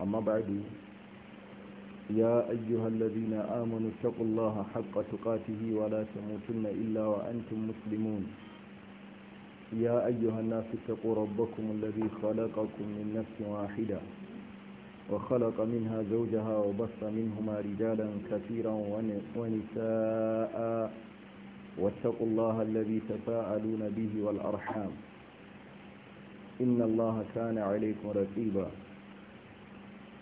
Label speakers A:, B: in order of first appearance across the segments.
A: amma ba da ya ayyuhallazina amanu na amonu shakullaha haƙa tukatihi wa lati mutum na illawa antin musulmun ya ayyuhan nasu taƙo rabbakun lalazi khalaƙakun min nafsin wahida wa khalaƙa min ha zaujaha wa basa min huma rijalan kafiran wani sa'a wa taƙullaha lalazi ta fa’alu na bihi wal’arham inna allaha kana alaikun rafi ba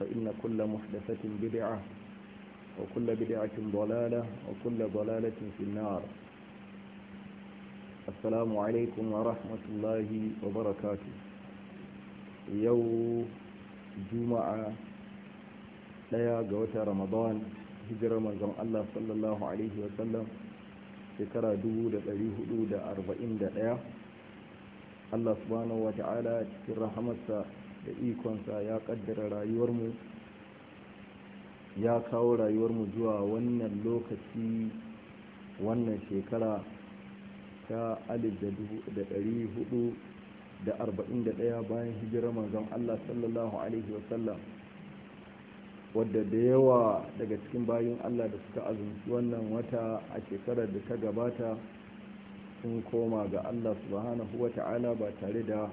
A: فإن كل محدثة بدعة وكل بدعة ضلالة وكل ضلالة في النار السلام عليكم ورحمة الله وبركاته يوم جمعة ليا قوة رمضان هجر من الله صلى الله عليه وسلم شكرا دولة أليه دولة أربعين دقيقة Allah subhanahu wa ta'ala cikin rahamarsa da ikonsa ya kaddara rayuwarmu ya kawo rayuwarmu zuwa wannan lokaci wannan shekara ta 1441 bayan hijira manzon Allah sallallahu alaihi wasallam wadda da yawa daga cikin bayan Allah da suka azumci wannan wata a shekarar da ta gabata sun koma ga Allah subhanahu wa ta'ala ba tare da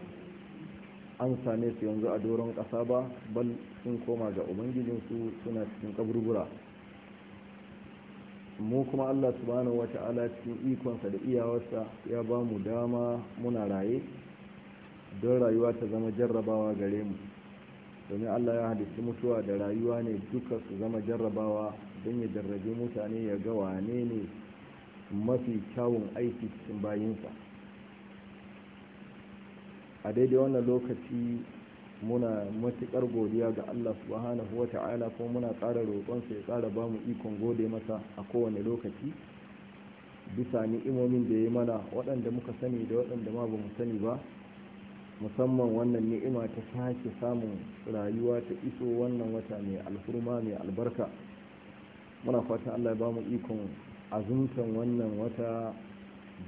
A: an same su yanzu a doron ƙasa ba bal sun koma ga ubangijinsu suna cikin kaburbura mu kuma allah subhanahu ta'ala cikin ikonsa da iyawarsa ya ba mu dama muna raye don rayuwa ta zama jarrabawa gare mu domin allah ya hadisi mutuwa da rayuwa ne duka su zama jarrabawa don ya jarrabe mutane ya ga wane ne mafi kyawun aiki cikin bayinsa a daidai wannan lokaci muna matuƙar godiya ga Allah subhanahu wa ta'ala kuma muna tsara roƙonsa ya tsara ba mu ikon gode masa a kowane lokaci bisa ni'imomin da ya yi mana waɗanda muka sani da waɗanda ma ba mu sani ba musamman wannan ni'ima ta sake samun rayuwa ta iso wannan wata mai alfurma mai albarka muna fatan Allah ya ba mu ikon azumtan wannan wata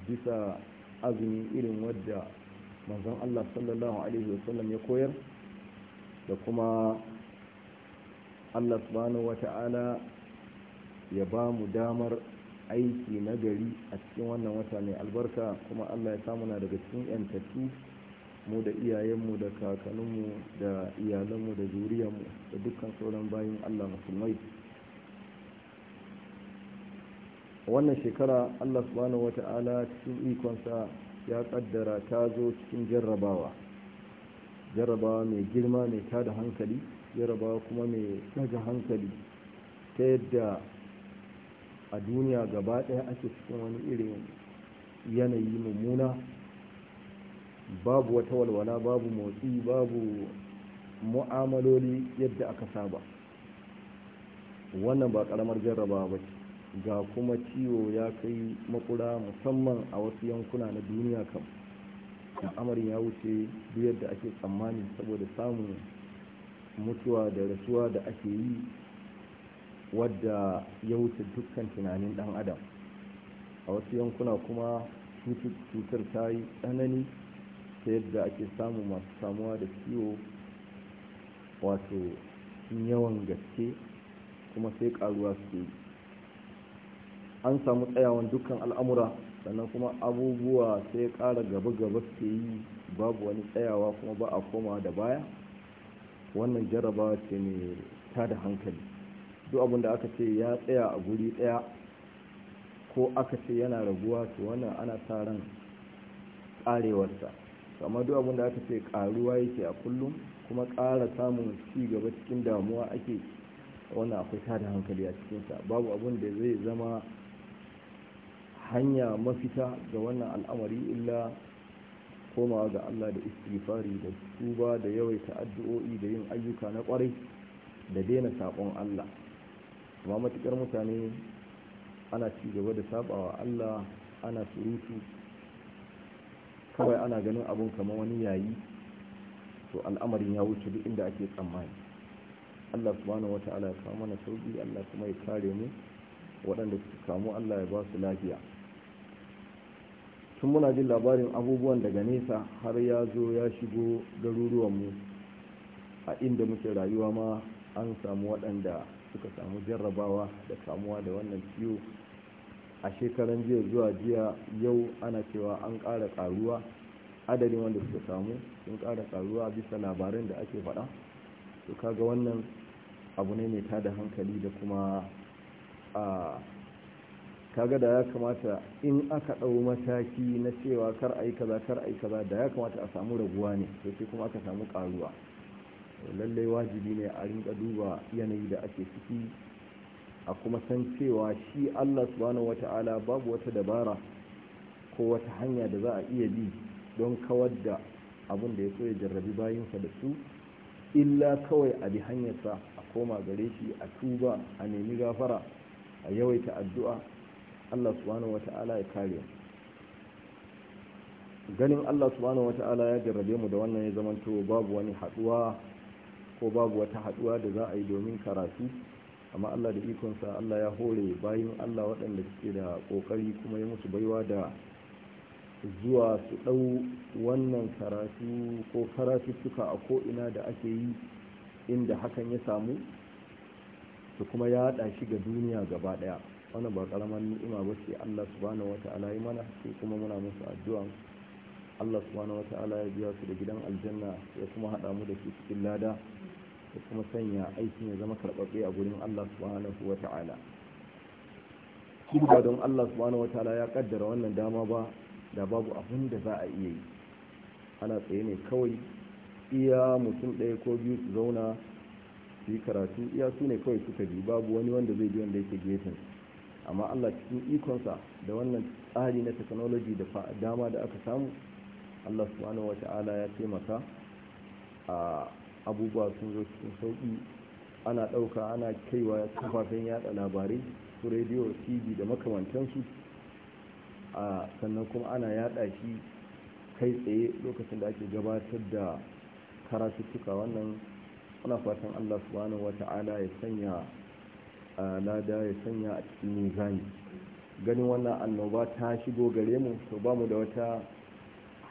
A: bisa azumi irin wadda manzon Allah sallallahu alaihi wasallam ya koyar da kuma Allah subhanahu ta'ala ya ba mu damar aiki na gari a cikin wannan wata mai albarka kuma Allah ya samuna daga cikin yantattu mu da iyayenmu da kakanninmu da iyalanmu da zuriyarmu da dukkan sauran bayin Allah musulmai wannan shekara Allah subhanahu ta'ala cikin ikonsa ya kaddara ta zo cikin jarrabawa jarrabawa mai girma mai tada hankali jarrabawa kuma mai daga hankali ta yadda a duniya gaba ɗaya ake cikin wani irin yanayi mummuna babu wata walwala babu motsi babu mu'amaloli yadda aka saba wannan ba karamar jarrabawa ba ce ga kuma ciwo ya kai makura musamman a wasu yankuna na duniya kam al'amarin ya wuce duk yadda ake tsammani saboda samun mutuwa da rasuwa da ake yi wadda ya wuce dukkan tunanin dan adam a wasu yankuna kuma cutar ta yi tsanani ta yadda ake samu masu samuwa da ciwo wato yawan gaske kuma sai karuwa suke yi an samu tsayawan dukkan al'amura sannan kuma abubuwa sai ƙara gaba-gaba ke yi babu wani tsayawa kuma ba a koma da baya wannan jaraba ce mai ta da hankali duk abin aka ce ya tsaya a guri daya ko aka ce yana raguwa to wannan ana sa ran ƙarewarsa amma duk abin aka ce ƙaruwa yake a kullum kuma ƙara samun ci gaba cikin damuwa ake wannan akwai tada hankali a cikinsa babu abin da zai zama hanya mafita ga wannan al'amari illa komawa ga Allah da istighfari da tuba da yawaita addu'o'i da yin ayyuka na kwarai da daina saƙon Allah amma matukar mutane ana ci gaba da sabawa Allah ana surutu kawai ana ganin abun kamar wani yayi to al'amarin ya wuce duk inda ake tsammani Allah subhanahu wata'ala ya kawo mana sauki Allah kuma ya kare mu waɗanda suka kamu Allah ya ba su lafiya tun muna jin labarin abubuwan daga nesa har ya zo ya shigo garuruwanmu a inda muke rayuwa ma an samu waɗanda suka samu jarrabawa da kamuwa da wannan ciwo a shekaran jiya zuwa jiya yau ana cewa an ƙara ƙaruwa adadin wanda suka samu sun ƙara ƙaruwa bisa labarin da ake faɗa to kaga wannan abu ne mai tada hankali da kuma a ah, kaga da ya kamata in aka ɗau mataki na cewa kar a yi kaza kar a yi kaza da ya kamata a samu raguwa ne sai sai kuma aka samu ƙaruwa lallai wajibi ne a rinka duba yanayi da ake ciki a kuma san cewa shi allah subhanahu wata'ala babu wata dabara ko wata hanya da za a iya bi don kawar da abin da ya so ya jarrabi bayansa da su illa kawai a bi hanyarsa a koma gare shi a tuba a nemi gafara a yawaita addu'a Allah subhanahu wata'ala ya kare ganin Allah subhanahu wata'ala ya jarrabe mu da wannan ya zamanto babu wani haduwa ko babu wata haduwa da za a yi domin karatu amma Allah da ikonsa Allah ya hore bayin Allah waɗanda suke da kokari kuma ya musu baiwa da zuwa su ɗau wannan karatu ko karatuttuka a ko'ina da ake yi inda hakan ya samu su kuma ya haɗa shi ga duniya gaba ɗaya wannan ba karamar ni'ima ba ce Allah subhanahu wata'ala yi mana sai kuma muna musu addu'a Allah subhanahu wata'ala ya biya su da gidan aljanna ya kuma haɗa mu da su cikin lada ya kuma sanya aiki ya zama karɓaɓɓe a gurin Allah subhanahu wata'ala shi ba don Allah subhanahu wata'ala ya kaddara wannan dama ba da babu abin da za a iya yi ana tsaye ne kawai iya mutum ɗaya ko biyu su zauna su yi karatu iya su ne kawai suka bi babu wani wanda zai bi wanda yake gefen amma allah cikin ikonsa da wannan tsari na technology da dama da aka samu allah subhanahu ta'ala ya taimaka a abubuwa sun zo cikin sauƙi ana ɗauka ana kaiwa kafafen yada labarai su rediyo tv da makamantansu a sannan kuma ana yada shi kai tsaye lokacin da ake gabatar da karatuttuka wannan ana fatan allah subhanahu ta'ala ya sanya lada ya sanya a cikin mizani ganin wannan annoba ta shigo gare mu to ba mu da wata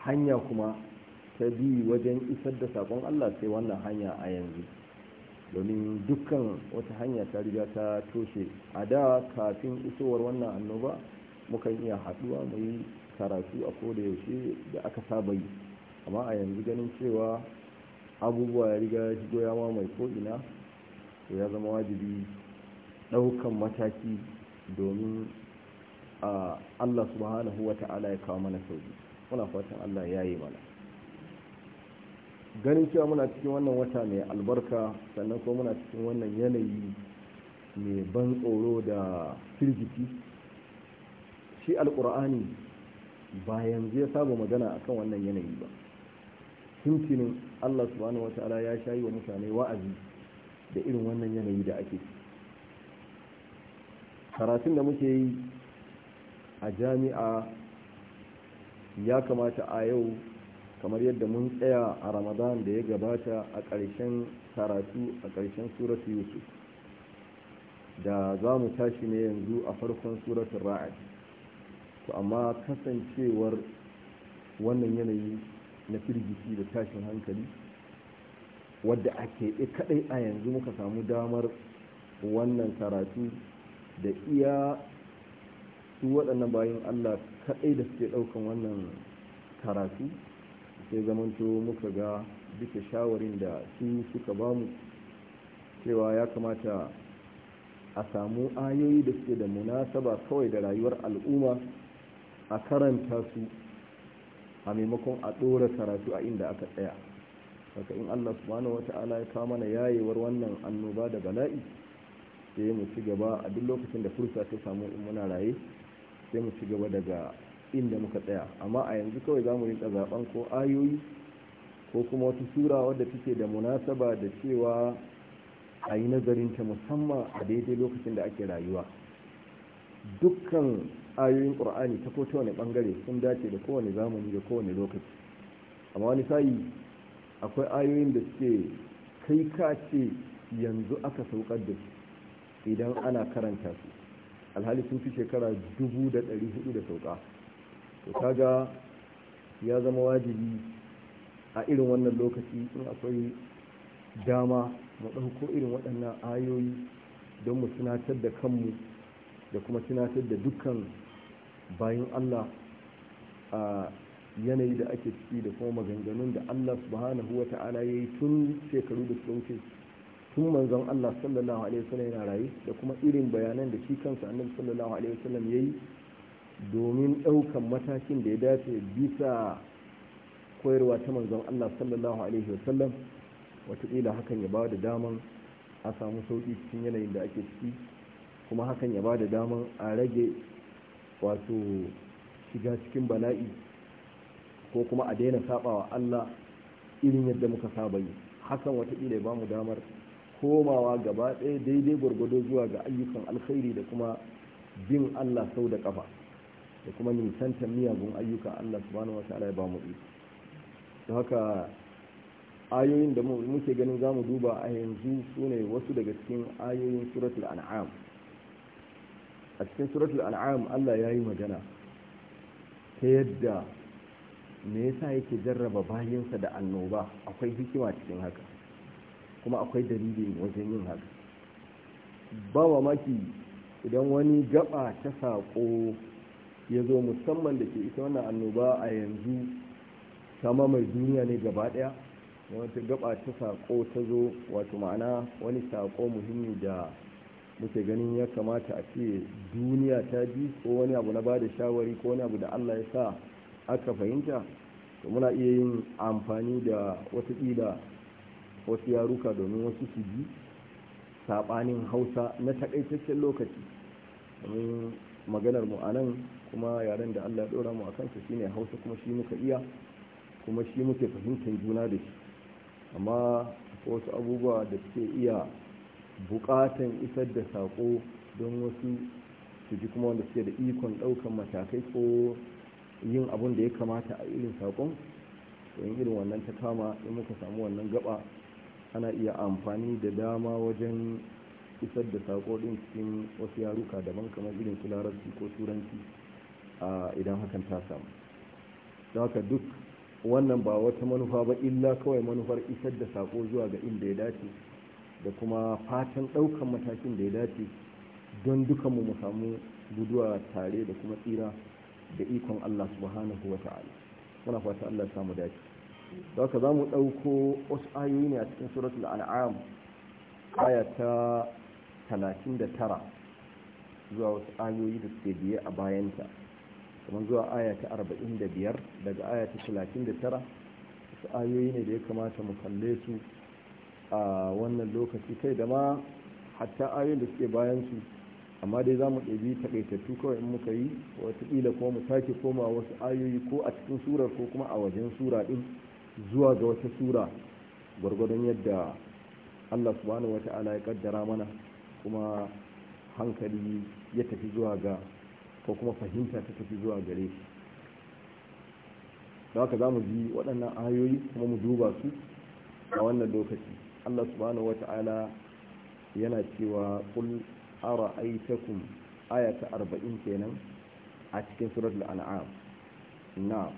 A: hanya kuma ta bi wajen isar da sakon allah sai wannan hanya a yanzu domin dukkan wata hanya ta riga ta toshe a da kafin isowar wannan annoba mukan iya haduwa mu karatu a koda yaushe da aka saba yi amma a yanzu ganin cewa abubuwa ya riga shigo ya mai ko'ina to ya zama wajibi Daukan mataki domin Allah subhanahu wa ta'ala ya kawo mana sauki muna fatan Allah ya yi mana ganin cewa muna cikin wannan wata mai albarka sannan kuma muna cikin wannan yanayi mai ban tsoro da firgiti shi alkur'ani ba yanzu ya saba magana akan wannan yanayi ba tuntunin Allah subhanahu wa ta'ala ya shayi wa mutane wa'azi da irin wannan yanayi da ake ciki karatun da muke yi a jami'a ya kamata a yau kamar yadda mun tsaya a ramadan da ya gabata a ƙarshen karatu a ƙarshen suratu yusuf da za mu tashi ne yanzu a farkon suratun ra'ad to amma kasancewar wannan yanayi na firgici da tashin hankali wadda ake eh, kaɗai a yanzu muka samu damar wannan karatu da iya su waɗannan bayan allah kaɗai da suke ɗaukan wannan karatu sai zamanto muka ga duka shawarin da su suka bamu cewa ya kamata a samu ayoyi da suke da munasaba kawai da rayuwar al'umma a karanta su a maimakon a ɗora karatu a inda aka tsaya haka in allah subhanahu ta'ala ya kama mana yayewar wannan annoba da bala'i sai mu ci gaba a duk lokacin da fursa ta samu in muna raye sai mu ci gaba daga inda muka tsaya amma a yanzu kawai za mu rinka zaben ko ayoyi ko kuma wata sura wadda take da munasaba da cewa a yi ta musamman a daidai lokacin da ake rayuwa dukkan ayoyin ƙur'ani ta kota wani bangare sun dace da kowane zamani da kowane lokaci amma wani sayi akwai ayoyin da suke kai ka ce yanzu aka saukar da su idan ana karanta su alhali sun fi shekara dubu da ɗari hudu da sauka to kaga ya zama wajibi a irin wannan lokaci in akwai dama mu ɗauko irin waɗannan ayoyi don mu tunatar da kanmu da kuma tunatar da dukkan bayan allah a yanayi da ake ciki da kuma maganganun da allah subhanahu wa ta'ala ya yi tun shekaru da suka wuce tun manzon Allah sallallahu alaihi wasallam yana rayu da kuma irin bayanan da shi kansa annabi sallallahu alaihi wasallam yayi domin ɗaukan matakin da ya dace bisa koyarwa ta manzon Allah sallallahu alaihi wasallam wataƙila hakan ya bada daman a samu sauki cikin yanayin da ake ciki kuma hakan ya bada daman a rage wato shiga cikin bala'i ko kuma a daina sabawa Allah irin yadda muka saba yi hakan wataƙila ya ba mu damar komawa gaba ɗaya daidai gwargwado zuwa ga ayyukan alkhairi da kuma bin Allah sau da kafa da kuma nisantar miyagun ayyuka Allah subhanahu wataala ya ba mu iko da haka ayoyin da muke ganin zamu duba a yanzu sune wasu daga cikin ayoyin suratul an'am a cikin suratul an'am Allah ya yi magana ta yadda me yasa yake jarraba bayansa da annoba akwai hikima cikin haka kuma akwai dalili wajen yin haka ba wa maki idan wani gaba ta saƙo ya zo musamman da ke ita wannan annoba a yanzu sama mai duniya ne gaba daya wata gaba ta saƙo ta zo wato ma'ana wani saƙo muhimmi da muke ganin ya kamata a ce duniya ta ji ko wani abu na ba da shawari ko wani abu da allah ya sa aka fahimta to muna iya yin amfani da wata watakila wasu yaruka domin wasu su ji saɓanin hausa na takaitaccen lokaci domin maganar mu anan kuma yaren da allah ya ɗora mu a kansa shine hausa kuma shi muka iya kuma shi muke fahimtar juna da shi amma wasu abubuwa da suke iya buƙatan isar da saƙo don wasu su ji kuma wanda suke da ikon ɗaukan matakai ko yin abun da ya kamata a irin saƙon in irin wannan ta kama in muka samu wannan gaba ana iya amfani da dama wajen isar da sako din cikin wasu yaruka daban kamar irin su larabci ko turanci a idan hakan ta samu don haka duk wannan ba wata manufa ba illa kawai manufar isar da sako zuwa ga inda ya dace da kuma fatan ɗaukan matakin da ya dace don dukanmu mu samu guduwa tare da kuma tsira da ikon allah subhanahu wa ta'ala muna fata allah samu dace da ka za mu ɗauko wasu ayoyi ne a cikin suratul al'am aya ta 39 zuwa wasu ayoyi da suke biye a bayanta kamar zuwa aya ta 45 daga aya ta 39 wasu ayoyi ne da ya kamata mu kalle su a wannan lokaci kai da ma hatta ayoyin da suke bayan su amma dai za mu ɗabi taƙaitattu kawai in muka yi wataƙila kuma mu sake koma wasu ayoyi ko a cikin surar ko kuma a wajen sura ɗin zuwa ga wata sura gwargwadon yadda allah subhanahu wa ta'ala ya kaddara mana kuma hankali ya tafi zuwa ga ko kuma fahimta ta tafi zuwa gare shi da haka za mu ji waɗannan ayoyi kuma mu duba su a wannan lokaci allah subhanahu wa ta'ala yana cewa kul ara aitakun aya arba'in kenan a cikin suratul an'am na.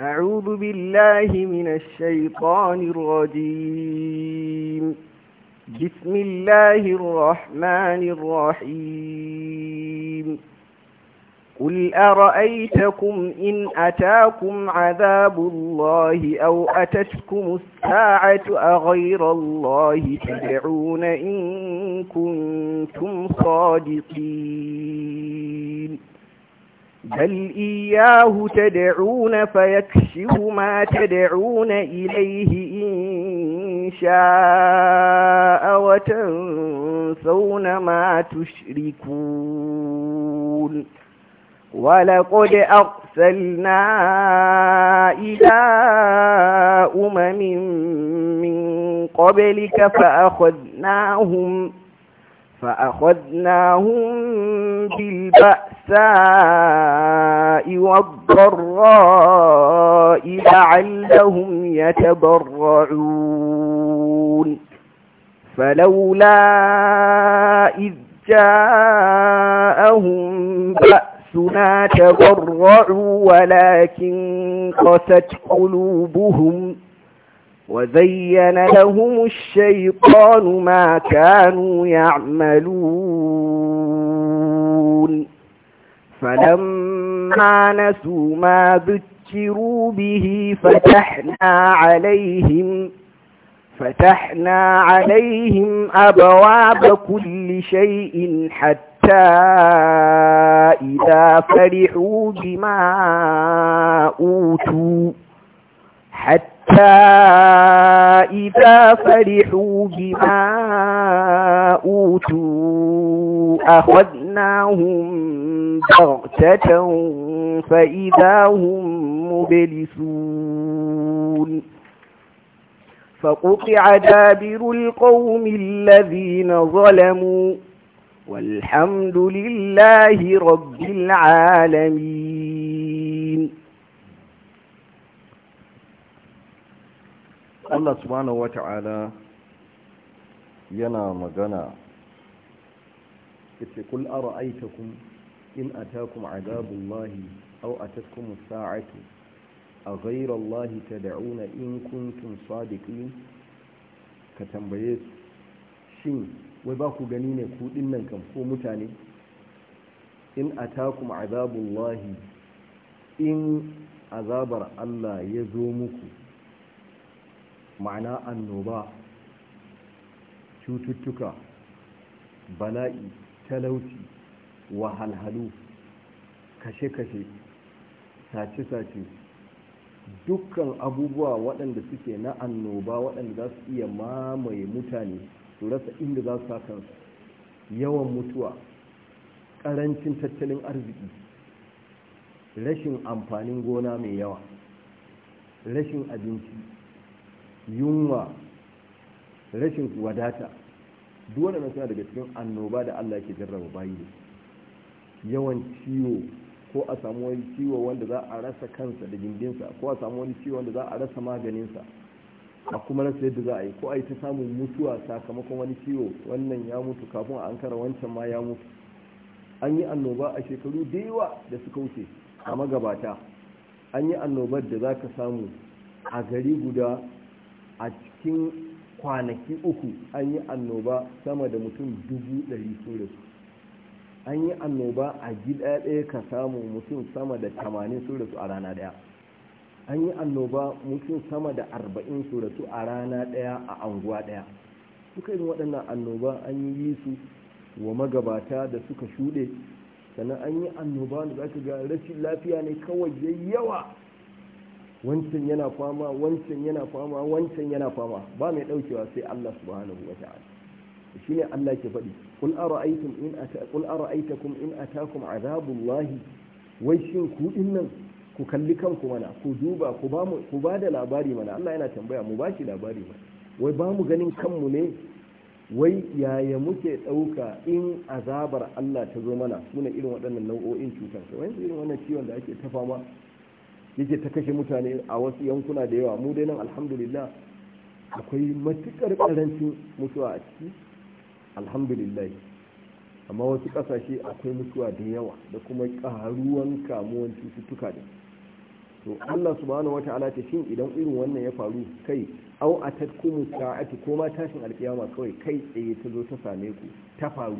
B: أعوذ بالله من الشيطان الرجيم بسم الله الرحمن الرحيم قل أرأيتكم إن أتاكم عذاب الله أو أتتكم الساعة أغير الله تدعون إن كنتم صادقين بل إياه تدعون فيكشف ما تدعون إليه إن شاء وتنسون ما تشركون ولقد أرسلنا إلى أمم من قبلك فأخذناهم فأخذناهم بالبأس والضراء لعلهم يتضرعون فلولا إذ جاءهم بأسنا تضرعوا ولكن قست قلوبهم وزين لهم الشيطان ما كانوا يعملون فلما نسوا ما ذكروا به فتحنا عليهم فتحنا عليهم أبواب كل شيء حتى إذا فرحوا بما أوتوا حتى حتى إذا فرحوا بما أوتوا أخذناهم بغتة فإذا هم مبلسون فقطع دابر القوم الذين ظلموا والحمد لله رب العالمين Allah subhanahu wata'ala
A: yana magana yace kul ara'aytakum in atakum adabullahi aw atatkum as-sa'atu aghayra allahi tad'una in kuntum sadiqin ka tambaye su shin wai ba ku gani ne ku dinnan kan ko mutane in atakum adabullahi in azabar Allah ya zo muku ma'ana annoba cututtuka bala'i talauci wahalhalu kashe-kashe sace-sace dukkan abubuwa waɗanda suke na annoba waɗanda za su iya mamaye mutane su rasa inda za su kansu yawan mutuwa ƙarancin tattalin arziki rashin amfanin gona mai yawa rashin abinci yunwa rashin wadata duk wanda suna daga cikin annoba da Allah yake jarraba bayi yawan ciwo ko a samu wani ciwo wanda za a rasa kansa da gindinsa ko a samu wani ciwo wanda za a rasa maganinsa a kuma rasa yadda za a yi ko a yi ta samun mutuwa sakamakon wani ciwo wannan ya mutu kafin a ankara wancan ma ya mutu an yi annoba a shekaru da yawa da suka wuce a magabata an yi annobar da za ka samu a gari guda a cikin kwanaki uku an yi annoba sama da mutum dubu ɗari su rasu an yi annoba a gida ɗaya ka samu mutum sama da tamanin su rasu a rana ɗaya an yi annoba mutum sama da arba'in su rasu a rana ɗaya a anguwa ɗaya suka yi waɗannan annoba an yi su wa magabata da suka shuɗe sannan an yi annoba da za ka ga rashin lafiya ne kawai yawa wancan yana fama wancan yana fama wancan yana fama ba mai daukewa sai Allah subhanahu wa ta'ala shine Allah ke faɗi kul ara'aytum in ata ara'aytakum in atakum azabullahi wai shin ku nan, ku kalli kanku mana ku duba ku ba mu ku ba da labari mana Allah yana tambaya mu ba shi labari mana wai ba mu ganin kanmu ne wai yaya muke ɗauka in azabar Allah ta zo mana sunan irin waɗannan nau'o'in cutar wani irin wannan ciwon da ake ta fama yake ta kashe mutane a wasu yankuna da yawa mu dai nan alhamdulillah akwai matukar karancin mutuwa a ciki alhamdulillah amma wasu kasashe akwai mutuwa da yawa da kuma karuwan kamuwan cututtuka da to Allah subhanahu wata'ala ta shin idan irin wannan ya faru kai au atatkumu sa'ati ko ma tashin alkiyama kawai kai tsaye ta zo ta same ku ta faru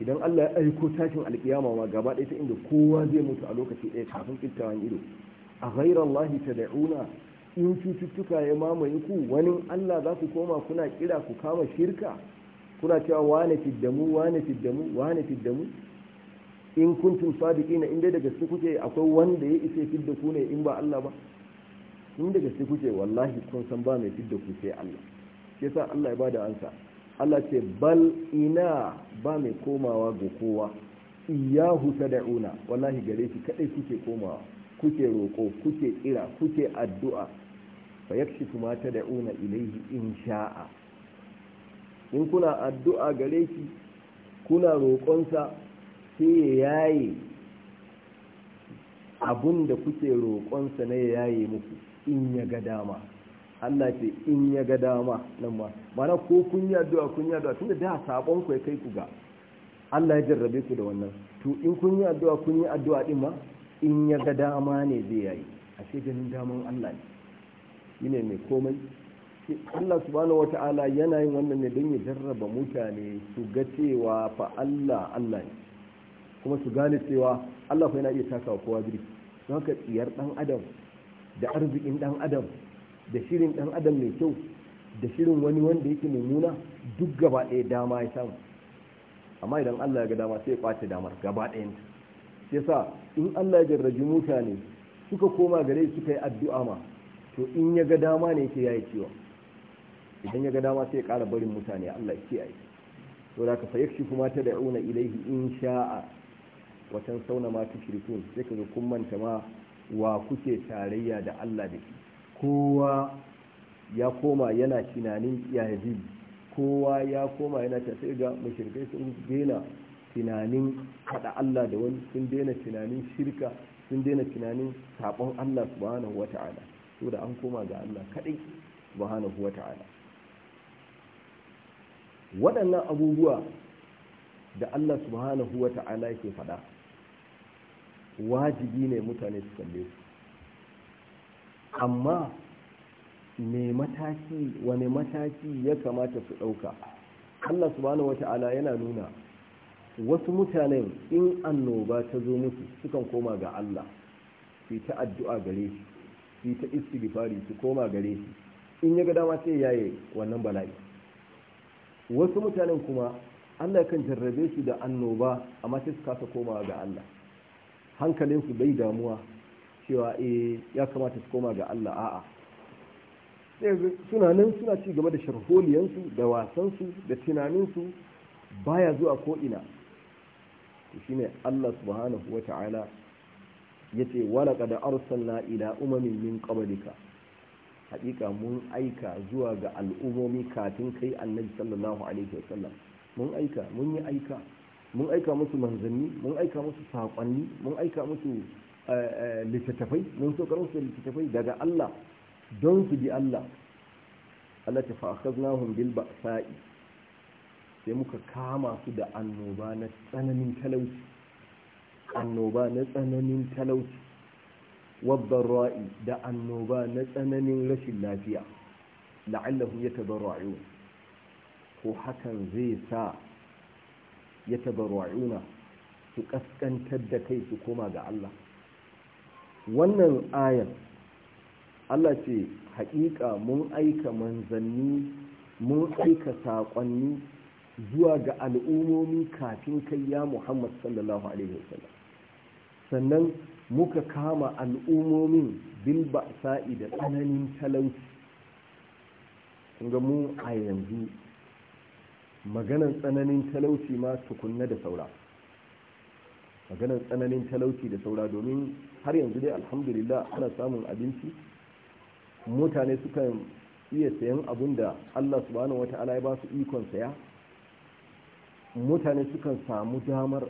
A: idan Allah ya aiko tashin alkiyama ma gaba ɗaya ta inda kowa zai mutu a lokaci ɗaya kafin kittawan ido a ghairar lahi ta da'una in cututtuka ya mamaye ku wani Allah za ku koma kuna kira ku kama shirka kuna cewa wane fiddamu wane fiddamu wane fiddamu in kuntum sadiqina in dai daga su kuke akwai wanda ya isa fidda ku ne in ba Allah ba in daga su kuke wallahi kun san ba mai fidda ku sai Allah yasa Allah ya bada ansa Allah ce bal ina ba mai komawa ga kowa iyahu tad'una wallahi gare shi kadai kuke komawa kuke roko kuke kira kuke addu'a fa yakshifu ma tad'una ilayhi in sha'a in kuna addu'a gare shi kuna roƙonsa sai ya yaye abun da kuke roƙonsa na ya yayi muku in ya ga dama Allah ce in ya ga dama nan ma mana ko kun yi addu'a kun yi addu'a tunda da sabon ku kai ku ga Allah ya jarrabe ku da wannan to in kun yi addu'a kun yi addu'a din ma in ya ga dama ne zai yayi ashe ganin daman Allah ne shine mai komai Allah subhanahu wata'ala yana yin wannan ne don ya jarraba mutane su ga cewa fa Allah Allah ne kuma su gane cewa Allah fa yana iya taka kowa biri don haka tsiyar dan adam da arzikin dan adam da shirin ɗan adam mai kyau da shirin wani wanda yake nuna, duk gaba ɗaya dama ya samu amma idan Allah ya ga dama sai ya kwace damar gaba ɗayanta shi yasa in Allah ya jarraji mutane suka koma gare suka yi addu'a ma to in ya ga dama ne yake yayi ciwo idan ya ga dama sai ya ƙara barin mutane Allah ya kiyaye to da ka fa yakshi kuma ta da da'una ilaihi in sha'a watan sauna ma tushrikun sai ka ga kun manta ma wa kuke tarayya da Allah da shi kowa ya koma yana tunanin yahudi kowa ya koma yana ta sai ga mashirkai sun daina tunanin haɗa Allah da wani sun daina tunanin shirka sun daina tunanin sabon Allah subhanahu ta'ala so da an koma ga Allah kadai subhanahu ta'ala waɗannan abubuwa da Allah subhanahu ta'ala yake faɗa wajibi ne mutane su kalle su amma me mataki wani mataki ya kamata su ɗauka allah subhanahu wata'ala yana nuna wasu mutanen in annoba ta zo musu sukan koma ga allah su ta addu'a gare shi su ta istighfari su koma gare shi in ya ga dama sai yaye wannan bala'i wasu mutanen kuma allah kan jarrabe su da annoba amma sai su kasa komawa ga allah hankalinsu bai damuwa cewa eh ya kamata su koma ga Allah a'a suna nan suna ci gaba da sharholiyansu da wasansu da tunaninsu baya zuwa ko'ina shi ne Allah subhanahu wa ta'ala ya ce walaka da arsalna ila umamin min qablika hakika mun aika zuwa ga al'umomi kafin kai annabi sallallahu alaihi wasallam mun aika mun yi aika mun aika musu manzanni mun aika musu saƙonni mun aika musu littattafai mun saukar musu littattafai daga Allah don su bi Allah Allah ta fa'akhaznahum bil ba'sa'i sai muka kama su da annoba na tsananin talauci annoba na tsananin talauci ra'i da annoba na tsananin rashin lafiya la'allahu yatabarra'un ko hakan zai sa na, su kaskantar da kai su koma ga Allah wannan ayan Allah ce haƙiƙa mun aika manzanni mun aika saƙonni zuwa ga al'ummomi kafin kai ya Muhammad sallallahu alaihi wasallam sannan muka kama al'ummomin bil ba'sa'i da tsananin talauci ga mu a yanzu maganan tsananin talauci ma tukunna da saura maganar tsananin talauci da saura domin har yanzu dai alhamdulillah ana samun abinci mutane sukan iya sayan abun da allah subhanahu wata'ala ya ba su ikon saya mutane sukan samu damar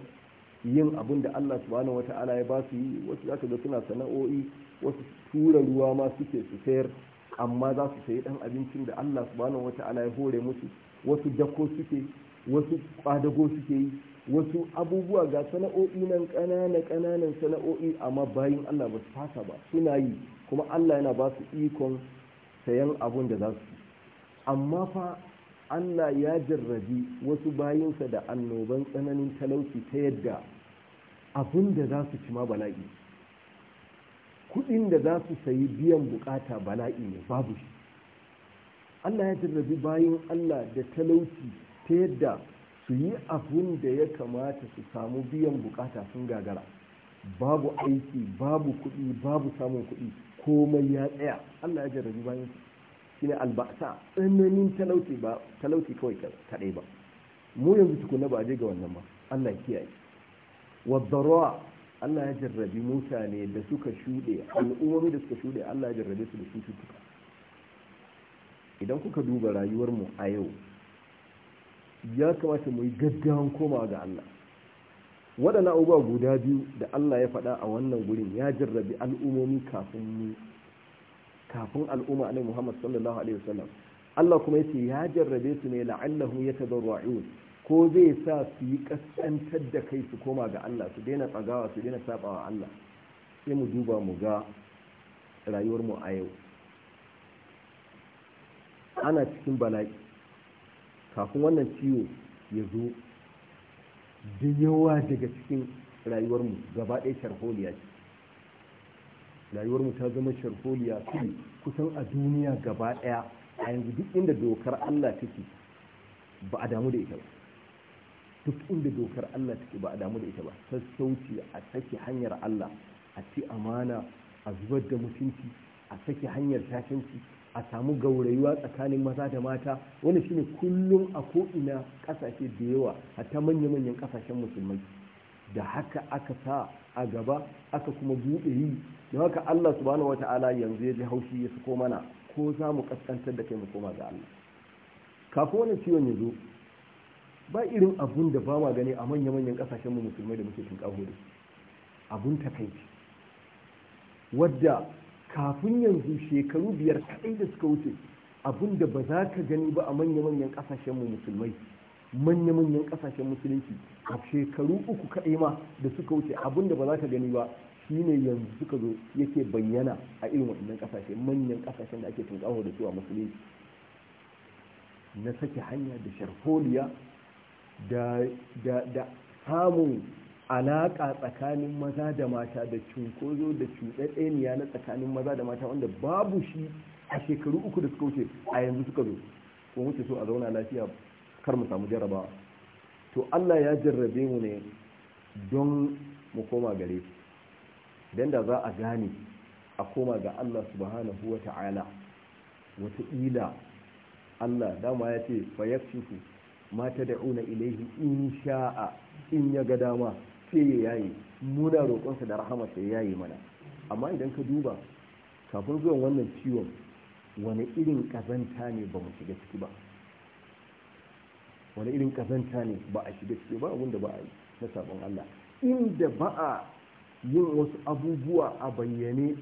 A: yin abun da allah subhanahu wata'ala ya ba su yi wasu zaka ga suna sana'o'i wasu tura ruwa ma suke su sayar amma za su sayi dan abincin da allah subhanahu wata'ala ya hore musu wasu dako suke wasu kwadago suke yi wasu abubuwa ga sana'o'i nan ƙananan ƙananan sana'o'i amma bayan Allah ba su fasa ba suna yi kuma Allah yana ba su ikon sayan abun da za su amma fa Allah ya jarrabi wasu bayinsa da annoban tsananin talauci ta yadda abun da za su ci ma bala'i kudin da za su sayi biyan bukata bala'i ne babu shi Allah ya jarrabi bayin Allah da talauci ta yadda su yi abun da ya kamata su samu biyan bukata sun gagara babu aiki babu kuɗi babu samun kuɗi komai ya tsaya allah ya jarabi bayan su ne albasa tsananin talauci ba kawai kaɗai ba mu yanzu tukuna ba a je ga wannan ba allah kiyaye wadzarwa allah ya jarrabi mutane da suka shuɗe al'ummomi da suka shuɗe allah ya jarrabe su da cututtuka idan kuka duba rayuwarmu a yau ya kamata mu yi gaggawan komawa ga Allah waɗannan abubuwa guda biyu da Allah ya faɗa a wannan gurin ya jarrabi al'ummomi kafin mu kafin al'umma annabi Muhammad sallallahu alaihi wasallam Allah kuma yace ya jarrabe su ne la'allahu yatadarra'un ko zai sa su yi kaskantar da kai su koma ga Allah su daina tsagawa su daina sabawa Allah sai mu duba mu ga rayuwar mu a yau ana cikin bala'i kafin wannan ciwo ya zo da yawa daga cikin rayuwarmu gaba ɗaya sharholiya ce rayuwarmu ta zama sharholiya su kusan a duniya gaba ɗaya a yanzu duk inda dokar allah take ba a damu da ita ba duk inda dokar allah take ba a damu da ita ba sassauci a sake hanyar allah a ci amana a zubar da mutunci a sake hanyar tashinci a samu gaurayuwa tsakanin maza da mata wani shine kullum a ko'ina kasashe da yawa hatta manya-manyan kasashen musulmai da haka aka sa a gaba aka kuma buɗe yi da haka Allah subhanahu wata'ala yanzu ya ji haushi ya suko mana ko za mu kaskantar da kai mu koma ga Allah kafin wani ciwon ya zo ba irin abun da ba ma gani a manya-manyan kasashen mu musulmai da muke tunƙaho da abun takaici wadda kafin yanzu shekaru biyar kaɗai da suka wuce abin da ba za ka gani ba a manya-manyan ƙasashen mu musulmai manya-manyan ƙasashen musulunci a shekaru uku kaɗai ma da suka wuce abin da ba za ka gani ba shine yanzu suka zo yake bayyana a irin waɗannan ƙasashe manyan ƙasashen da ake tunkawo da su a musulunci na sake hanya da sharholiya da samun alaƙa tsakanin maza da mata da cunkozo da cuɗaɗɗeniya na tsakanin maza da mata wanda babu shi a shekaru uku da suka wuce a yanzu suka zo ko wuce so a zauna lafiya kar mu samu jarrabawa to Allah ya jarrabe mu ne don mu koma gare shi da za a gane a koma ga Allah subhanahu wa ta'ala wataƙila Allah dama ya ce fa mata da tad'una ilaihi in sha'a in ya ga dama sai ya yayi muna roƙonsa da rahama sai ya yayi mana amma idan ka duba kafin zuwan wannan ciwon wani irin ƙazanta ne ba mu shiga ciki ba wani irin ƙazanta ne ba a shiga ciki ba abinda ba a yi na sabon Allah inda ba a yin wasu abubuwa a bayyane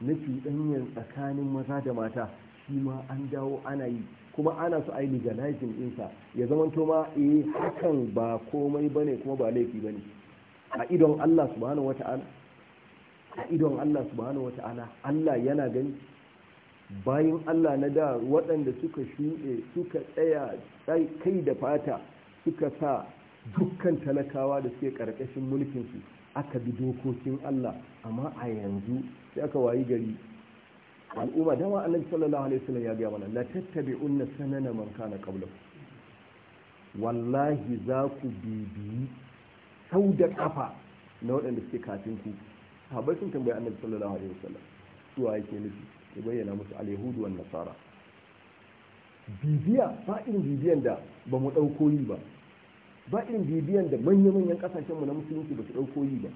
A: na cuɗanyar tsakanin maza da mata shi ma an dawo ana yi kuma ana su ga legalizing ɗinsa ya to ma eh hakan ba komai ba ne kuma ba laifi ba ne. a idon Allah subhanahu ta'ala a idon Allah subhanahu ta'ala Allah yana gani bayan Allah na da waɗanda suka shuɗe suka tsaya kai da fata suka sa dukkan talakawa da suke ƙarƙashin mulkinsu aka bi dokokin Allah amma a yanzu sai aka wayi gari al'umma dama annabi sallallahu alaihi wasallam ya ga mana la tattabi'unna sanana man kana qablakum wallahi za ku bibiyi sau da kafa na waɗanda suke kafin ku sahabai sun tambayi annabi sallallahu alaihi wasallam su wa yake nufi ya bayyana musu alyahudu wan nasara bibiya ba irin bibiyan da ba mu ɗauko yi ba ba irin bibiyan da manya-manyan ƙasashenmu na musulunci ba su ɗauko yi ba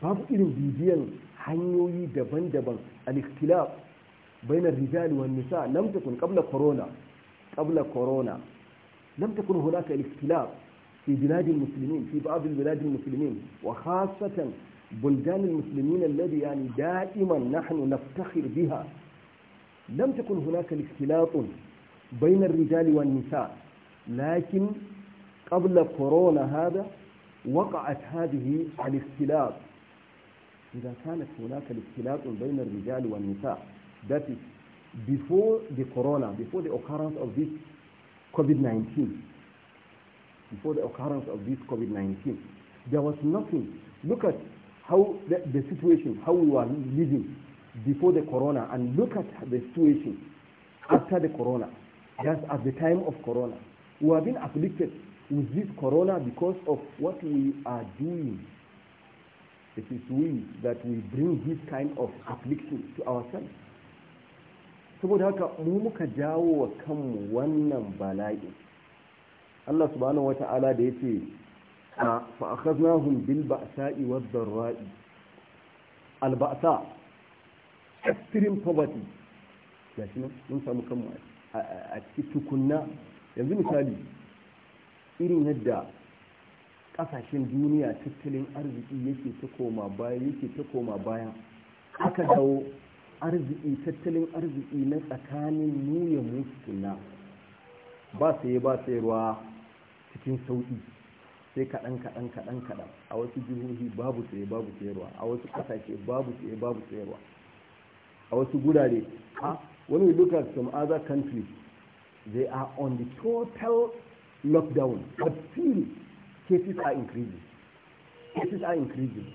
A: babu irin bibiyan hanyoyi daban-daban al-ikhtilaf bainar rijali wan nisa lam takun qabla corona qabla corona lam takun hunaka al-ikhtilaf في بلاد المسلمين في بعض البلاد المسلمين وخاصة بلدان المسلمين الذي يعني دائما نحن نفتخر بها لم تكن هناك الاختلاط بين الرجال والنساء لكن قبل كورونا هذا وقعت هذه الاختلاط إذا كانت هناك الاختلاط بين الرجال والنساء that is before the corona before the occurrence of this COVID-19 before the occurrence of this COVID-19. There was nothing. Look at how the, the, situation, how we were living before the corona, and look at the situation after the corona. Just at the time of corona. We have been afflicted with this corona because of what we are doing. It is we that we bring this kind of affliction to ourselves. saboda haka mu muka jawo wa kanmu wannan Allah subhanahu wata'ala da ya ce akhadnahum bil ba'sa'i wad dharra'i al ba'sa extreme poverty gashi nan mun samu kanmu a cikin tukunna yanzu misali irin yadda kasashen duniya tattalin arziki yake ta koma baya yake ta koma baya aka dawo arziki tattalin arziki na tsakanin mu ya mutu ba saye ba sayarwa cikin sauƙi sai kaɗan kaɗan kaɗan kaɗan a wasu jihohi babu saye babu sayarwa a wasu ƙasashe babu saye babu sayarwa a wasu gurare a when we look at some other countries they are on the total lockdown but still cases are increasing cases are increasing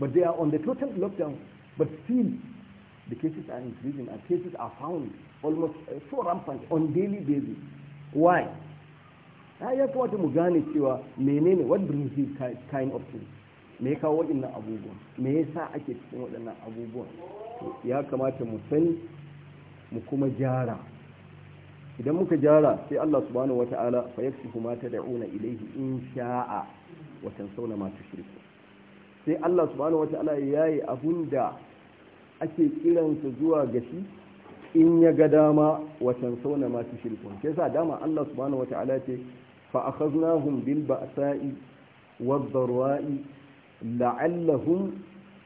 A: but they are on the total lockdown but still The cases are increasing and cases are found almost uh, so rampant on daily basis. Why? Ya kamata mu gane cewa menene what brings these kind of things. me ya kawo waɗannan abubuwan me ya sa ake cikin waɗannan abubuwan ya kamata mu sani mu kuma jara idan muka jara sai Allah subhanahu ta'ala fa yaksifu ma tad'una ilayhi in sha'a wa tansawna ma tushriku sai Allah subhanahu wa yi yayi abunda ake kiransa zuwa gashi in ya ga dama watan sauna masu shirkun sai sa dama Allah subhanahu wa ta'ala ce fa akhadnahum bil ba'sa'i wad dharra'i la'allahum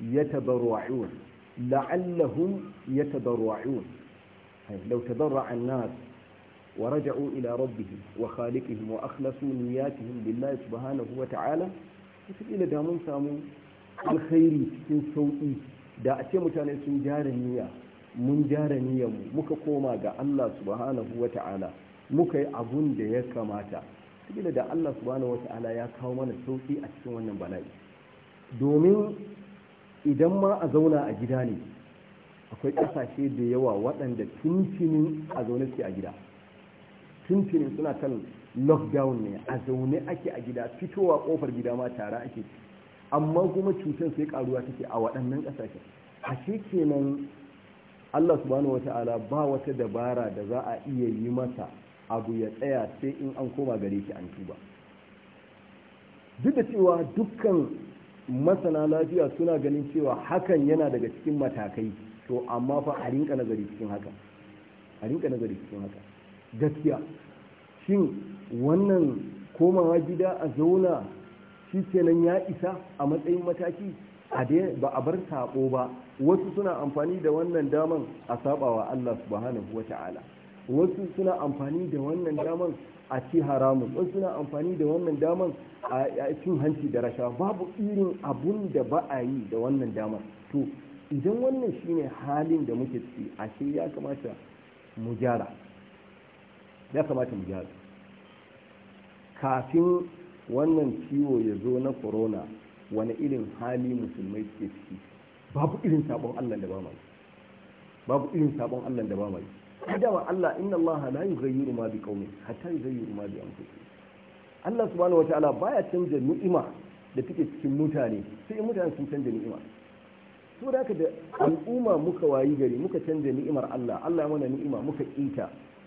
A: yatadarra'un la'allahum yatadarra'un ay law tadarra'a an-nas wa raja'u ila rabbihim wa khaliqihim wa akhlasu niyyatihim billahi subhanahu wa ta'ala kila da mun samu
B: alkhairi
A: cikin sauki da a ce mutane sun gyara niyya mun gyara niyyar mu muka koma ga Allah subhanahu Ta'ala muka yi abun da ya kamata tabbila da Allah subhanahu Ta'ala ya kawo mana sauki a cikin wannan bala'i domin idan ma a zauna a gida ne akwai ƙasashe da yawa waɗanda tuntunin a zaune suke a gida tuntunin suna kan lockdown ne a zaune ake a gida fitowa ƙofar gida ma tara ake amma kuma cutar sai karuwa take a waɗannan ƙasashen a shi kenan Allah subhanahu wa Ta'ala ba wata dabara da za a iya yi masa abu ya tsaya sai in an koma gare shi an tuba duk da cewa dukkan masana lafiya suna ganin cewa hakan yana daga cikin matakai to amma fa a rinka nazari cikin haka a rinka nazari cikin haka gaskiya shin wannan komawa gida a zauna shi kenan ya isa a matsayin mataki a dai ba a bar sabo ba wasu suna amfani da wannan daman a sabawa Allah subhanahu Ta'ala. wasu suna amfani da wannan daman a ci haramun wasu suna amfani da wannan daman a cin hanci da rasha babu irin abun da ba a yi da wannan daman to idan wannan shine halin da muke ciki ashe ya kamata mu gyara ya kamata mu gyara kafin wannan ciwo ya zo na corona wani irin hali musulmai suke ciki babu irin sabon Allah da ba mai babu irin sabon Allah da ba mai dama Allah inna Allah la yughayyiru ma bi qaumin hatta yughayyiru ma bi anfusihim Allah subhanahu wataala baya canja ni'ima da take cikin mutane sai mutane sun canja ni'ima to da haka da al'umma muka wayi gari muka canja ni'imar Allah Allah ya mana ni'ima muka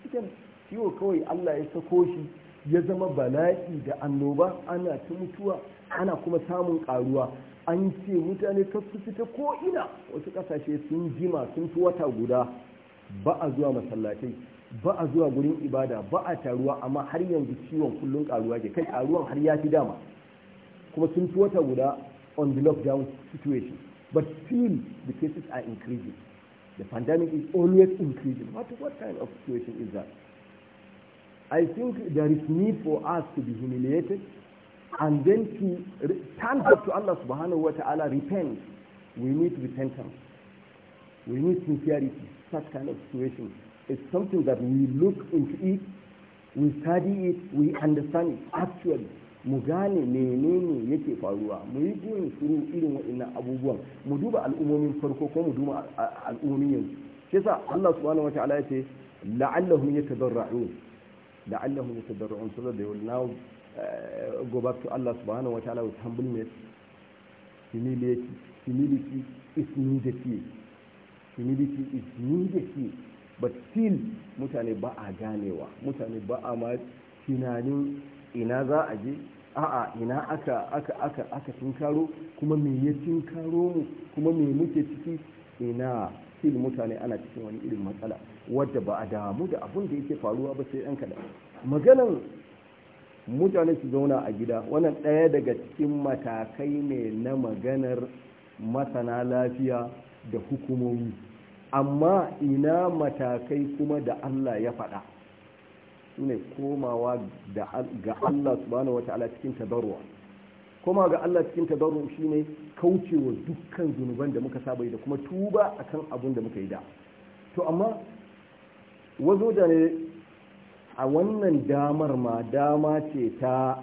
A: Cikin ciwo kawai Allah ya sako shi ya zama bala'i da annoba ana ta mutuwa ana kuma samun karuwa an ce mutane ta su fita ko ina wasu kasashe sun jima sun fi wata guda ba a zuwa masallatai ba a zuwa gurin ibada ba a taruwa amma har yanzu ciwon kullum karuwa ke kai karuwan har ya fi dama kuma sun fi wata guda on the lockdown situation but still the cases are increasing the pandemic is always increasing what, what kind of situation is that I think there is need for us to be humiliated and then to turn back to Allah subhanahu wa ta'ala, repent. We need repentance. We need sincerity. Such kind of situation. It's something that we look into it, we study it, we understand it. Actually, mu gane menene yake faruwa mu yi goyin irin waɗannan abubuwan mu duba al'umomin farko ko mu duba al'ummomin yanzu shi sa Allah subhanahu wa ta'ala ya ce la'allahum yatadarra'un Da yatadarrun so that they will now uh, go back to Allah subhanahu wa ta'ala with humbleness humility humility is needed here humility is needed here but still mutane ba a ganewa mutane ba a ma tunanin ina za a je a'a ina aka aka aka aka tunkaro kuma me ya tunkaro mu kuma me muke ciki ina still mutane ana cikin wani irin matsala wadda ba a damu da abin da yake faruwa ba sai ɗan kada maganan mutane su zauna a gida wannan ɗaya daga cikin matakai ne na maganar masana lafiya da hukumomi amma ina matakai kuma da allah ya faɗa ne komawa ga allah subhanahu wata'ala cikin tabarwa koma ga allah cikin tabarwa shine kaucewa dukkan zunuban da muka saba da kuma tuba akan abun da muka yi da to amma wazo da ne a wannan damar ma dama ce ta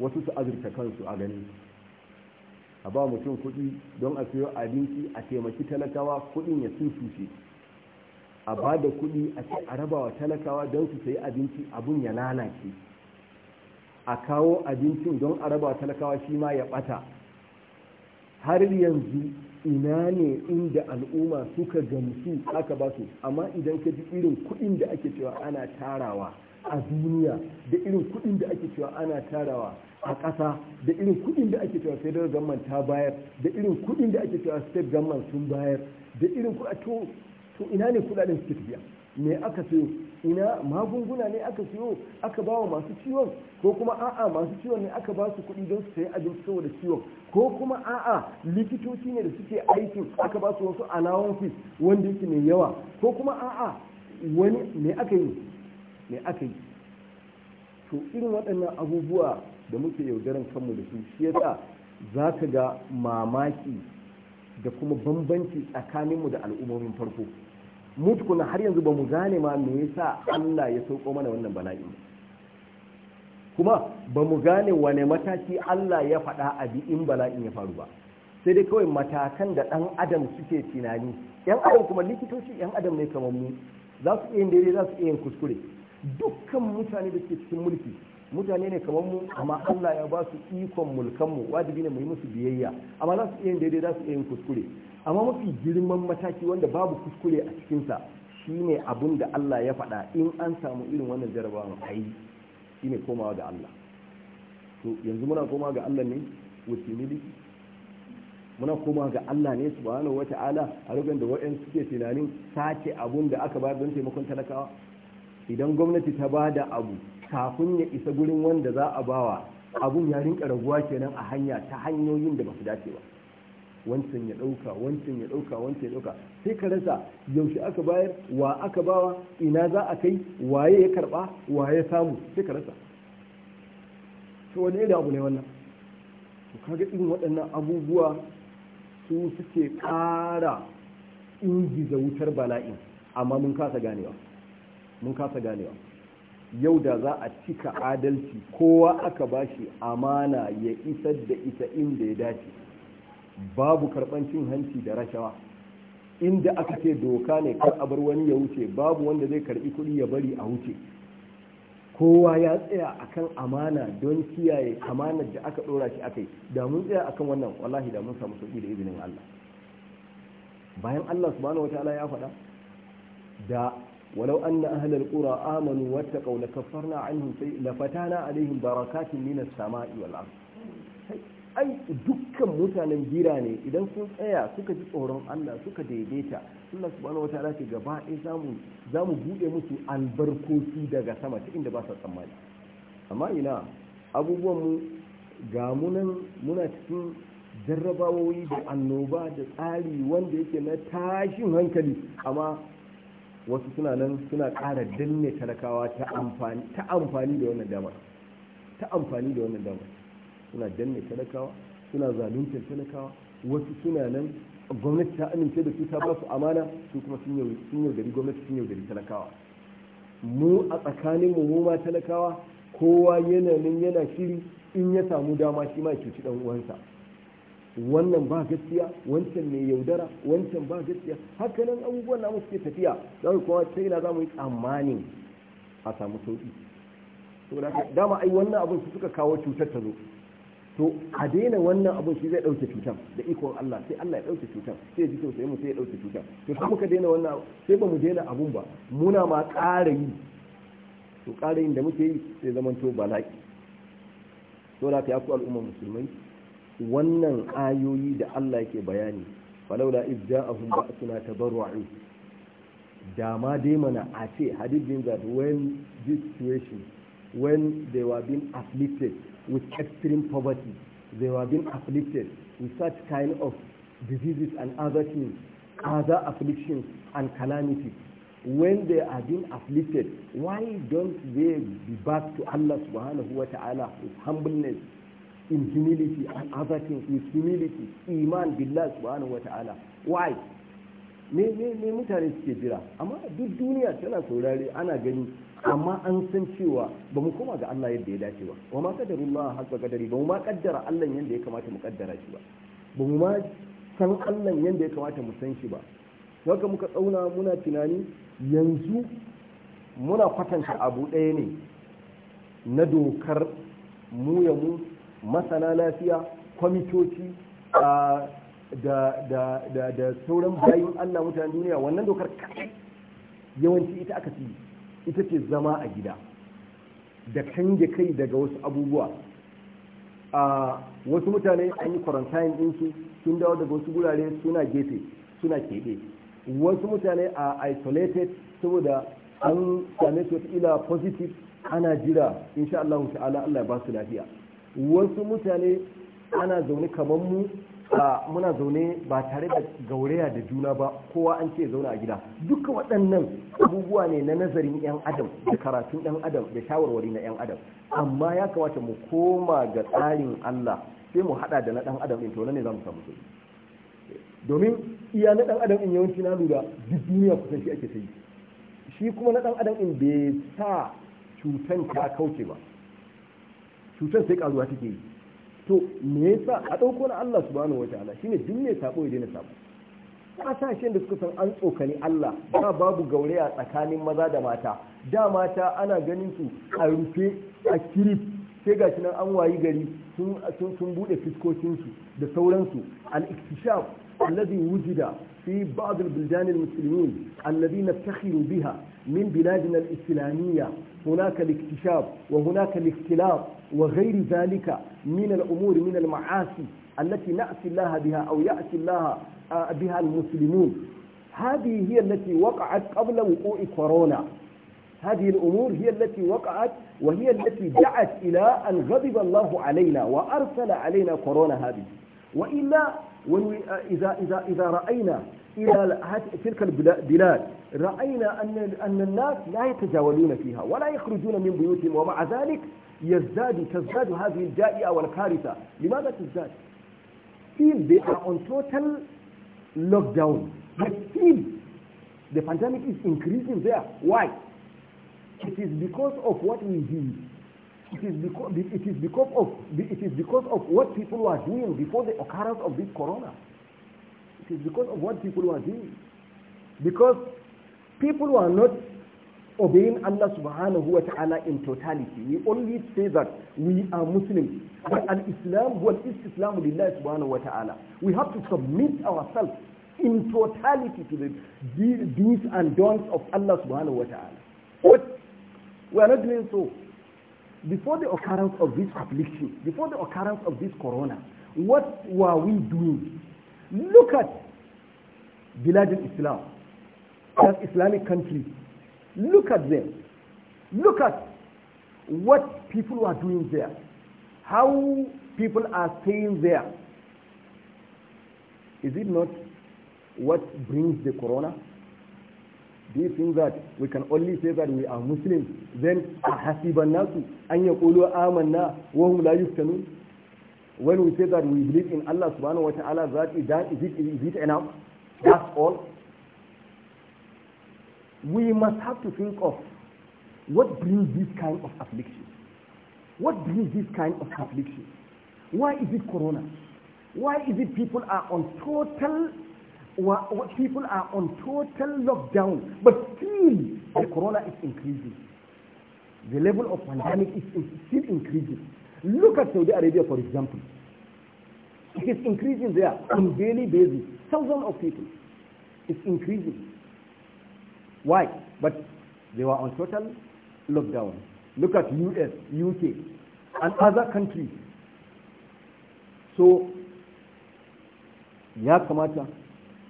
A: wasu su azurta kansu a gani a ba mutum kuɗi don a siyo abinci a taimaki talakawa kuɗin ya sun sushe a ba da kuɗi a ce a raba wa talakawa don su sayi abinci abun ya lalace a kawo abincin don a raba wa talakawa shi ma ya ɓata har yanzu ina ne inda al'umma suka gamsu aka ba su amma idan ka ji irin kuɗin da ake cewa ana tarawa a duniya da irin kuɗin da ake cewa ana tarawa a ƙasa da irin kuɗin da ake cewa federal government ta bayar da irin kuɗin da ake cewa state government sun bayar da irin kuɗa to ina ne kuɗaɗen suke tafiya me aka siyo ina magunguna ne aka siyo aka ba wa masu ciwon ko kuma a'a masu ciwon ne aka ba su kuɗi don su sayi abinci saboda ciwon ko kuma a'a likitoci ne da suke aikin aka ba su wasu allowances wanda yake mai yawa ko kuma a'a wani me aka yi me aka yi to irin waɗannan abubuwa da muke yaudaran kanmu da su shi yasa za ka ga mamaki da kuma bambanci tsakaninmu da al'ummomin farko mu tukuna har yanzu ba mu gane ma me yasa Allah ya sauko mana wannan bala'i kuma ba mu gane wane mataki Allah ya faɗa a bi in bala'in ya faru ba sai dai kawai matakan da ɗan adam suke tunani yan adam kuma likitoci yan adam ne kamar mu za su iya yin daidai za su iya yin kuskure dukkan mutane da suke cikin mulki mutane ne kamar mu amma Allah ya ba su ikon mulkanmu wajibi ne mu yi musu biyayya amma za su iya yin daidai za su iya yin kuskure amma mafi girman mataki wanda babu kuskure a cikinsa shine abun da Allah ya faɗa in an samu irin wannan jarabawan a yi shine komawa ga Allah to yanzu muna komawa ga Allah ne with humility muna komawa ga Allah ne subhanahu wata'ala a rugan da wa'yan suke tunanin sace abun da aka ba don taimakon talakawa idan gwamnati ta ba da abu kafin ya isa gurin wanda za a bawa abun ya rinka raguwa kenan a hanya ta hanyoyin da ba su dace ba wancan ya ɗauka wancan ya ɗauka wancan ya ɗauka sai ka rasa yaushe aka bayar wa aka bawa ina za a kai waye ya karɓa waye samu sai ka rasa to wani irin abu ne wannan to kaga irin waɗannan abubuwa su suke ƙara ingiza wutar bala'in amma mun kasa ganewa mun kasa ganewa yau da za a cika adalci kowa aka bashi amana ya isar da ita inda ya dace babu karban cin hanci da rashawa inda aka ce doka ne kar a bar wani ya wuce babu wanda zai karbi kuɗi ya bari a wuce kowa ya tsaya akan amana don kiyaye amanar da aka ɗora shi akai da mun tsaya akan wannan wallahi da mun samu sauki da izinin Allah bayan Allah subhanahu wataala ya faɗa da walau anna ahlal qura amanu wattaqaw lakaffarna anhum la fatana alaihim barakatun minas sama'i wal ardh ai dukkan mutanen gira ne idan sun tsaya suka ji tsoron Allah suka daidaita Allah subhanahu wata ke gaba ɗaya zamu zamu bude musu albarkoci daga sama ta inda ba sa tsammani amma ina abubuwan mu ga munan muna cikin jarrabawoyi da annoba da tsari wanda yake na tashin hankali amma wasu suna nan suna ƙara danne talakawa ta amfani da wannan dama. ta amfani da wannan dama suna danne talakawa suna zaluntar talakawa wasu suna nan gwamnati ta amince da su ta ba su amana su kuma sun gari gwamnati sun gari talakawa mu a tsakanin mu ma talakawa kowa yana nan yana shiri in ya samu dama shi ma cuci dan uwansa wannan ba gaskiya wancan mai yaudara wancan ba gaskiya haka nan abubuwan namu suke tafiya za don kuma ta ina za mu yi tsammanin a samu sauki saboda dama ai wannan abin su suka kawo cutar ta zo to a daina wannan abin shi zai ɗauke cutar da ikon Allah sai Allah ya ɗauke cutar sai ya ji sai mu sai ya ɗauke cutar to sai muka daina wannan sai ba mu daina abun ba muna ma ƙara yi to ƙara yin da muke yi sai zaman to bala'i to da ya ku al'ummar musulmai wannan ayoyi da Allah yake bayani falaula iz ja'ahum ba'suna tabarru'u da ma dai mana a ce hadith bin that when this situation when they were being afflicted with extreme poverty. They were being afflicted with such kind of diseases and other things, other afflictions and calamities. When they are being afflicted, why don't they be back to Allah subhanahu wa ta'ala with humbleness, in humility and other things, with humility, iman billah subhanahu wa ta'ala? Why? Me mutane suke jira, amma duk duniya tana saurare ana gani amma an san cewa ba mu koma ga Allah yadda ya dace ba wa ma qadarullah haqqa qadari ba mu ma kaddara Allah yadda ya kamata mu kaddara shi ba ba mu ma san Allah yadda ya kamata mu san shi ba haka muka tsauna muna tunani yanzu muna kwatanta abu ɗaya ne na dokar mu ya mu masana lafiya kwamitoci da sauran bayin allah mutanen duniya wannan dokar yawanci ita aka fi ita ce zama a gida da kange kai daga wasu abubuwa a wasu mutane an yi kwarantayin ɗinsu sun dawo daga wasu gurare suna gefe suna keɓe wasu mutane a isolated saboda an same su ila positive ana jira insha Allah ta'ala Allah ya ba su lafiya wasu mutane ana zaune kamar mu muna zaune ba tare da gauraya da juna ba kowa an ce zauna a gida duka waɗannan abubuwa ne na nazarin 'yan adam da karatun 'yan adam da shawarwari na 'yan adam amma ya kamata mu koma ga tsarin Allah sai mu haɗa da na ɗan adam ɗin tona ne za mu samu sauri. domin iya na ɗan adam ɗin yawanci na lura duk duniya kusan shi ake sayi shi kuma na ɗan adam ɗin bai sa cutan ta kauce ba cutan sai ƙaruwa take yi to me yasa a ɗauko na Allah subhanahu wataala shine duk mai sabo ya daina sabo kasashen da suka san an tsokani Allah ba babu gauraya tsakanin maza da mata da mata ana ganin su a rufe a kirif sai gashi nan an wayi gari sun sun bude fiskokinsu da sauransu al-iktishaf alladhi wujida fi al في بعض البلدان المسلمين الذين biha min من al islamiyya هناك الاكتشاف وهناك الاختلاط وغير ذلك من الأمور من المعاصي التي نأتي الله بها أو يأتي الله آه، بها المسلمون هذه هي التي وقعت قبل وقوع كورونا هذه الأمور هي التي وقعت وهي التي دعت إلى أن غضب الله علينا وأرسل علينا كورونا هذه وإلا آه، إذا, إذا, إذا رأينا إلى تلك البلاد رأينا أن, أن الناس لا يتجاولون فيها ولا يخرجون من بيوتهم ومع ذلك يزداد تزداد هذه الجائعة والكارثة لماذا تزداد still they are on total lockdown but still the pandemic is increasing there why it is because of what we did it is because it is because of it is because of what people were doing before the occurrence of this corona it is because of what people were doing because people were not obeying Allah subhanahu wa ta'ala in totality. We only say that we are Muslims. But al-Islam What is Islam? Allah lillahi subhanahu wa ta'ala. We have to submit ourselves in totality to the do's and don'ts of Allah subhanahu wa ta'ala. But we are not doing so. Before the occurrence of this affliction, before the occurrence of this corona, what were we doing? Look at Bilad al-Islam, that Islamic country Look at them. Look at what people are doing there. How people are staying there. Is it not what brings the corona? Do you think that we can only say that we are Muslims? Then When we say that we believe in Allah subhanahu wa ta'ala, that is, that, is, it, is it enough? That's all we must have to think of what brings this kind of affliction? What brings this kind of affliction? Why is it corona? Why is it people are on total people are on total lockdown, but still the corona is increasing. The level of pandemic is, is still increasing. Look at Saudi Arabia, for example. It is increasing there on daily basis. Thousands of people. It's increasing. Why? But they were on total lockdown. Look at US, UK, and other countries. So, ya kamata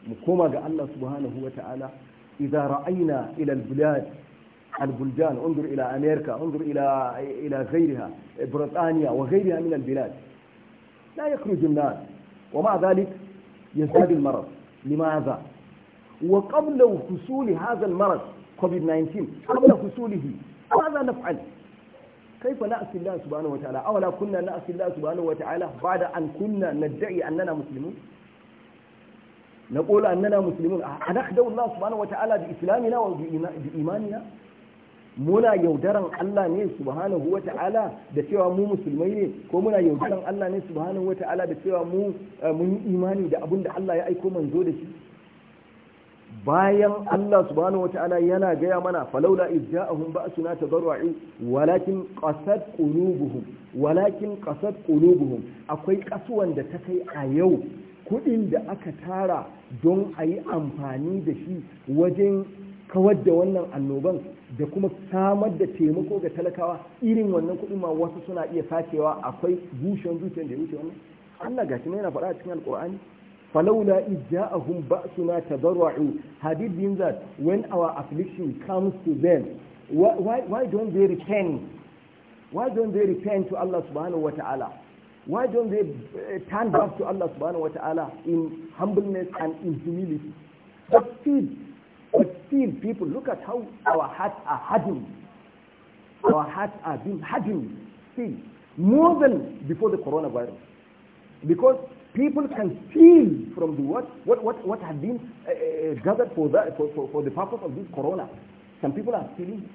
A: mu koma ga Allah subhanahu wa ta'ala, إذا رأينا إلى البلاد البلدان انظر إلى أمريكا انظر إلى, إلى غيرها بريطانيا وغيرها من البلاد لا يخرج الناس ومع ذلك يزداد المرض لماذا؟ وقبل حصول هذا المرض COVID-19 قبل حصوله ماذا نفعل؟ كيف نأسي الله سبحانه وتعالى أولا كنا نأسي الله سبحانه وتعالى بعد أن كنا ندعي أننا مسلمون نقول أننا مسلمون أنخدو الله سبحانه وتعالى بإسلامنا وبإيماننا muna yaudaran Allah ne subhanahu wa ta'ala da cewa mu musulmai ne ko muna yaudaran Allah ne subhanahu wa ta'ala da cewa mu mun yi imani da abin da Allah ya aiko manzo da shi bayan Allah subhanahu wa ta'ala yana gaya mana falaula izja'ahum ta tadarru'u walakin qasat qulubuhum walakin qasat qulubuhum akwai kasuwan da ta kai a yau kuɗin da aka tara don a yi amfani da shi wajen kawar da wannan annoban da kuma samar da taimako ga talakawa irin wannan kudin ma wasu suna iya sakewa. akwai bushen zuciyar da ya wuce wannan Allah gashi ne yana faɗa cikin alkur'ani فلولا falaula ija'ahum ba'suna tadarra'u hadith means that when our affliction comes to them why, why, why don't they repent why don't they repent to Allah subhanahu wa ta'ala why don't they eh, turn back to Allah subhanahu wa ta'ala in humbleness and in humility but still but still people look at how our hearts are hardened our hearts are being hardened still more than before the coronavirus because people can feel from the what what what, what had been uh, uh, gathered for, that, for, for, for the purpose of this corona. Some people are feeling.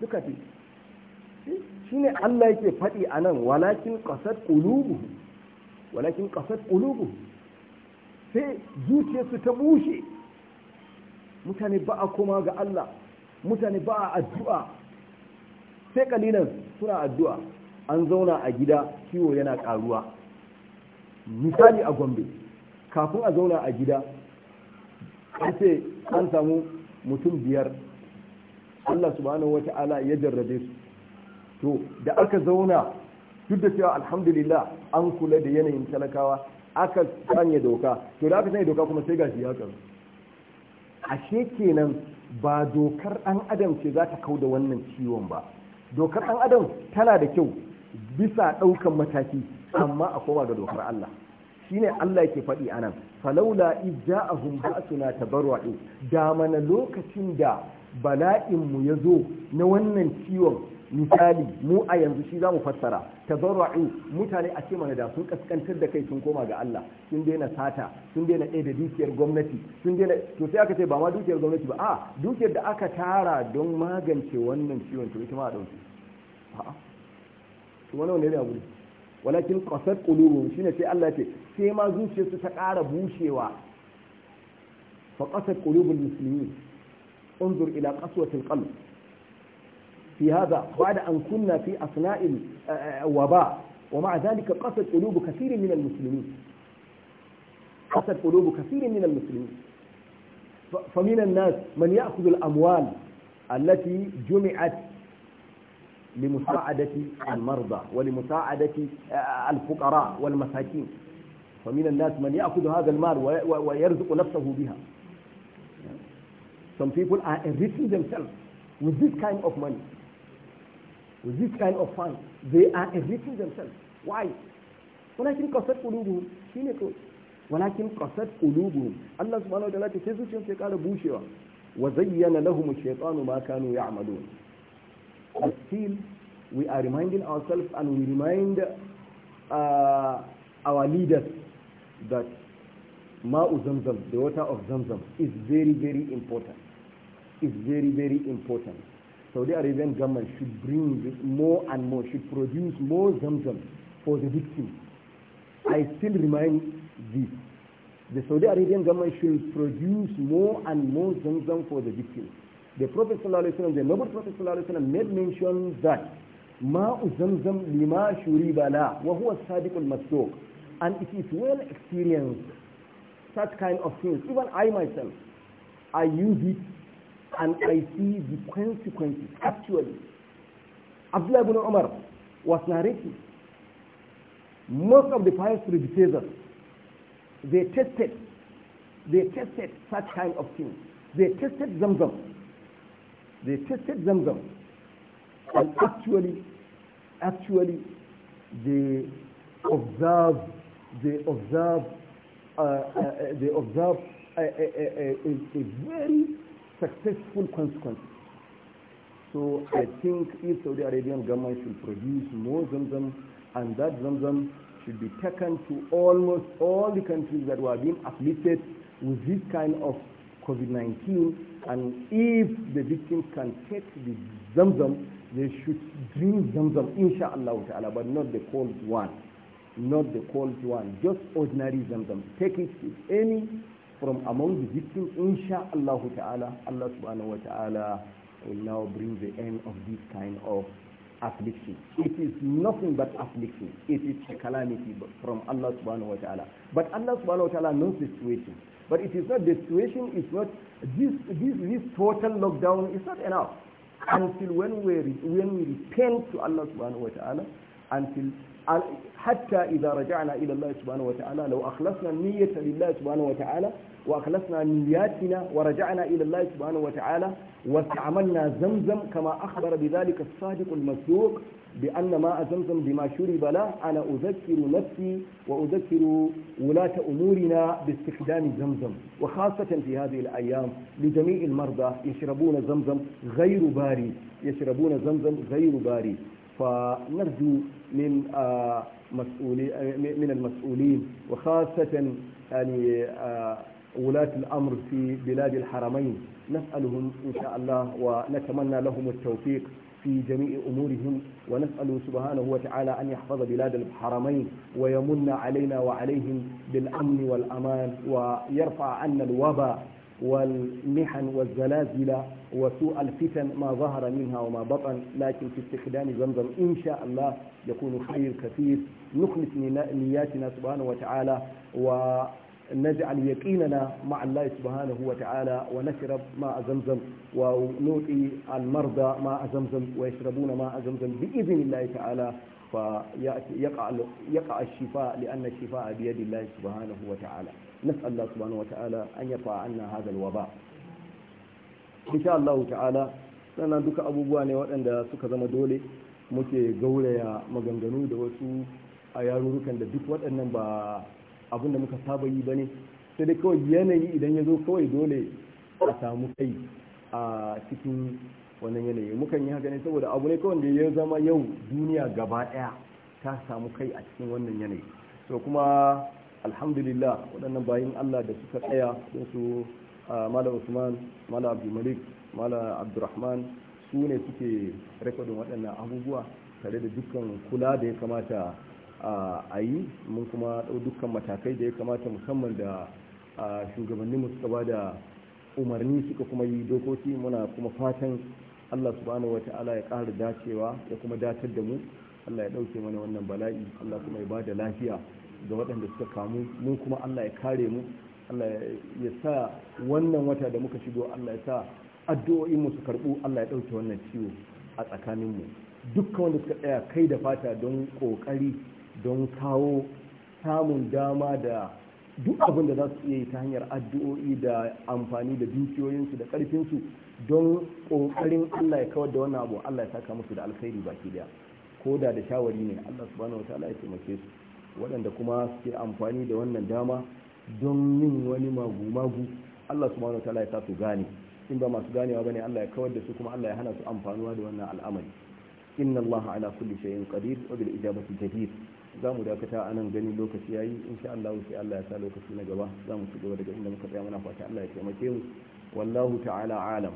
A: Look at it. Shi Allah yake faɗi a nan, walakin ƙasar ƙulubu, walakin ƙasar ƙulubu, sai zuciyarsu ta bushe. Mutane ba a koma ga Allah, mutane ba a addu'a, sai kalilan suna addu'a, an zauna a gida, kiwo yana ƙaruwa. misali a gombe kafin a zauna a gida an ce an samu mutum biyar allah subhanahu wata'ala ya jarrabe su to da aka zauna duk da cewa alhamdulillah an kula da yanayin talakawa aka sanya doka to da aka sanya doka kuma sai gashi ya karu ashe kenan ba dokar ɗan adam ce za ta kau da wannan ciwon ba dokar ɗan adam tana da kyau bisa ɗaukan mataki amma a koma ga dokar Allah shine Allah yake faɗi anan falaula ijja'ahum ba'suna tabarra'u da mana lokacin da bala'in mu yazo na wannan ciwon misali mu a yanzu shi zamu fassara tabarra'u mutane a ce mana da sun kaskantar da kai sun koma ga Allah sun daina sata sun daina ɗaya da dukiyar gwamnati sun daina to sai aka ce ba ma dukiyar gwamnati ba a dukiyar da aka tara don magance wannan ciwon to ita ma a ɗauki a'a to wani wani ne abu ne walakin kasar kuluru shi ne sai Allah ce sai ma zuciya su ta ƙara bushewa fa kasar kulubun musulmi unzur ila kasuwatin kalu fi hada ba da an kunna fi asna'in eh, eh, waba wa ma'a zalika kasar kulubu kasirin minal musulmi kasar kulubu kasirin minal musulmi fa minan nas man ya'khudhu al-amwal allati jumi'at لمساعدة المرضى ولمساعدة الفقراء والمساكين فمن الناس من يأخذ هذا المال ويرزق نفسه بها Some people are enriching themselves with this kind of money, with this kind of fund. They are enriching themselves. Why? ولكن قصد قلوبهم shine kawai walakin qasat qulubuhum Allah subhanahu wa ta'ala sai zuciyarsu ya kara bushewa wa zayyana lahum ash-shaytanu ma kanu But still, we are reminding ourselves and we remind uh, our leaders that Ma'u Zamzam, the water of Zamzam, is very, very important. It's very, very important. Saudi Arabian government should bring more and more, should produce more Zamzam for the victims. I still remind this. The Saudi Arabian government should produce more and more Zamzam for the victims. The Prophet ﷺ, the noble Prophet ﷺ made mention that مَاءُ زَمْزَمْ لِمَا شُرِبَ لَا وَهُوَ الصَّادِقُ الْمَصْدُوقُ And it is well experienced, such kind of things. Even I myself, I use it and I see the consequences actually. Abdullah ibn Umar was narrating. Most of the pious predecessors, they tested, they tested such kind of things. They tested Zamzam. They tested themselves. And actually, actually, they observe, they observe, uh, uh, uh they observe a, a, a, a very successful consequence. So I think if Saudi Arabian government should produce more Zamzam, and that Zamzam should be taken to almost all the countries that were being afflicted with this kind of COVID-19 and if the victim can take the zamzam, they should drink zamzam, inshallah ta'ala, but not the cold one. Not the cold one, just ordinary zamzam. Take it, if any, from among the victims, inshallah ta'ala, Allah subhanahu wa ta'ala will now bring the end of this kind of affliction. It is nothing but affliction. It is a calamity from Allah subhanahu wa ta'ala. But Allah subhanahu wa ta'ala knows the situation. But it is not, the situation is not, this, this, this total lockdown is not enough until when we, when we repent to Allah subhanahu wa ta'ala, until حتى إذا رجعنا إلى الله سبحانه وتعالى لو أخلصنا النية لله سبحانه وتعالى وأخلصنا نياتنا ورجعنا إلى الله سبحانه وتعالى واستعملنا زمزم كما أخبر بذلك الصادق المصدوق بأن ماء زمزم بما شرب له أنا أذكر نفسي وأذكر ولاة أمورنا باستخدام زمزم وخاصة في هذه الأيام لجميع المرضى يشربون زمزم غير باري يشربون زمزم غير باري فنرجو آه، آه، من من المسؤولين وخاصة يعني آه، ولاة الأمر في بلاد الحرمين نسألهم إن شاء الله ونتمنى لهم التوفيق في جميع أمورهم ونسأل سبحانه وتعالى أن يحفظ بلاد الحرمين ويمن علينا وعليهم بالأمن والأمان ويرفع عنا الوباء والمحن والزلازل وسوء الفتن ما ظهر منها وما بطن لكن في استخدام زمزم إن شاء الله يكون خير كثير نخلص نياتنا سبحانه وتعالى ونجعل يقيننا مع الله سبحانه وتعالى ونشرب ماء زمزم ونعطي المرضى ماء زمزم ويشربون ماء زمزم بإذن الله تعالى فيقع يقع الشفاء لأن الشفاء بيد الله سبحانه وتعالى نسأل الله سبحانه وتعالى أن يرفع عنا هذا الوباء insha Allah ta'ala sannan duka abubuwa ne waɗanda suka zama dole muke gauraya maganganu da wasu a yarurukan da duk waɗannan ba abin da muka saba yi ba ne sai dai kawai yanayi idan ya zo kawai dole a samu kai a cikin wannan yanayi mukan yi haka ne saboda abu ne kawai da ya zama yau duniya gaba ɗaya ta samu kai a cikin wannan yanayi to kuma alhamdulillah waɗannan bayan allah da suka tsaya don su mala usman mala abdulmalik mala abdurrahman su ne suke rekodin waɗannan abubuwa tare da dukkan kula da ya kamata a yi mun kuma ɗau dukkan matakai da ya kamata musamman da shugabanninmu suka ba da umarni suka kuma yi dokoki muna kuma fatan allah subhanahu ala ya ƙara dacewa ya kuma datar da mu allah ya ɗauke mana wannan bala'i allah kuma ya ba da lafiya ga waɗanda suka kamu mun kuma allah ya kare mu Allah ya sa wannan wata da muka shigo Allah ya sa addu'o'in mu su karbu Allah ya dauke wannan ciwo a tsakanin mu dukkan wanda suka tsaya kai da fata don kokari don kawo samun dama da duk abin da za su iya yi ta hanyar addu'o'i da amfani da dukiyoyinsu da ƙarfinsu don ƙoƙarin Allah ya kawar da wannan abu Allah ya saka musu da alkhairi baki daya ko da da shawari ne Allah subhanahu wa ya taimake su waɗanda kuma suke amfani da wannan dama don yin wani magu-magu Allah subhanahu wa ta'ala ya sa su gane in ba masu ganewa bane Allah ya kawar da su kuma Allah ya hana su amfanuwa da wannan al'amari inna Allah ala kulli shay'in qadir wa bil ijabati jadir za mu dakata a nan lokaci yayi insha Allah sai Allah ya sa lokaci na gaba za mu gaba daga inda muka tsaya muna fata Allah ya taimake mu wallahu ta'ala alam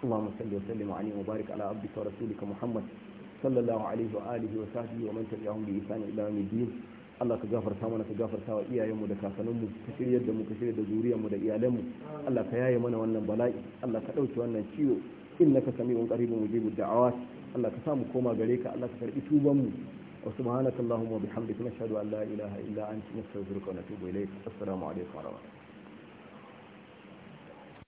A: اللهم صل وسلم عليه وبارك على عبدك ورسولك محمد صلى الله عليه واله وصحبه ومن تبعهم باحسان الى يوم الدين Allah ka gafarta mana ka gafarta wa iyayenmu da kakanninmu ka shiryar da mu ka shirya da zuriyarmu da iyalanmu Allah ka yaye mana wannan bala'i Allah ka ɗauke wannan ciwo innaka sami'un qaribun mujibud da'awat Allah ka samu koma gare ka Allah ka karbi tubanmu wa subhanakallahumma wa bihamdika nashhadu an la ilaha illa anta nastaghfiruka wa natubu ilayk assalamu alaikum wa rahmatullahi